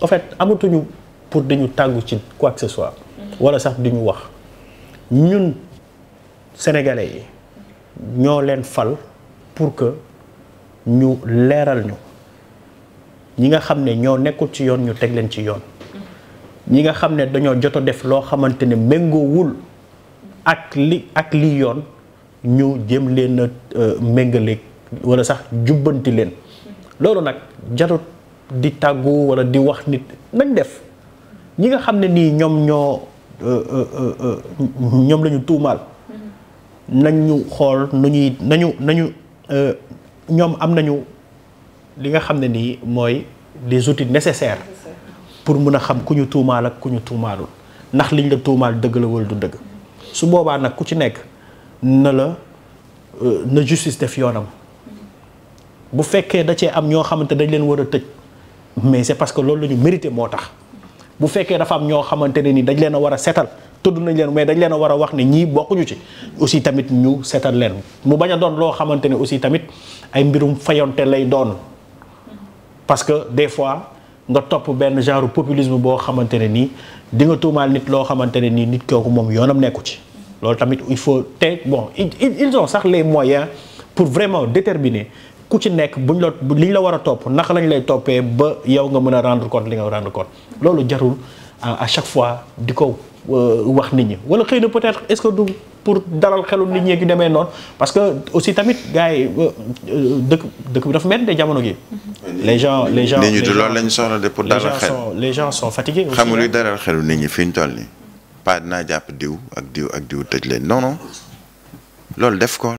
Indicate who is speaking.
Speaker 1: en fait amatuñu pour dañu tàggu ci quoi que ce mm-hmm. wala sax di wax ñun sénégalais yi ñoo leen fal pour que ñu leeral ñu ñi nga xam ne ñoo nekkul ci yoon ñu teg leen ci yoon. Mm-hmm. ñi nga xam ne dañoo jot def loo xamante ne méngoowul ak li ak li yoon ñu jëm leen a euh, méngale wala sax jubbanti leen mm-hmm. loolu nag jarut. di tàggu wala di wax nit nañ def ñi nga xam ne nii ñoom ñoo euh, euh, euh, ñoom lañu tuumaal nañ ñu xool nu ñuy nañu nañu ñoom am nañu li nga xam ne nii mooy des outils nécessaires pour mun a xam ku ñu tuumaal ak ku ñu tuumaalul ndax liñ la tuumaal dëgg la wala du dëgg su boobaa nag ku ci nekk na la na justice def yoonam bu fekkee da cee am ñoo xamante dañ leen war a tëj mais c'est parce que loolu la ñu mérité moo tax bu fekkee dafa am ñoo xamante ne ni dañ leen a war a setal tudd nañ leen mais dañ leen a war a wax ne ñii bokkuñu ci aussi tamit ñu seetal leen mu bañ a doon loo xamante ne aussi tamit ay mbirum fayonte lay doon parce que des fois nga topp benn genre populisme boo xamante ne nii di tuumaal nit loo xamante ne nii nit kooku moom yoonam nekku ci loolu tamit il faut te bon ils ont sax les moyens pour vraiment déterminer ku ci nekk bu buñ la li ñu la war a topp naka lañ lay toppee ba yow nga mën a rendre compte li nga rendre compte loolu jarul a euh, chaque fois di ko euh, wax nit ñi wala xëy na peut-être est-ce que du pour dalal xelu nit ñi gi demee noonu parce que aussi tamit gars yi euh, dëkk dëkk bi dafa de jamono gi. Mm-hmm. les gens les gens nit du loolu lañu soxla de pour dalal xel les gens sont fatigués. aussi xamul luy dalal xelu nit ñi fi ñu toll nii. pas naa jàpp diw ak diw ak diw tëj leen noonu loolu def ko.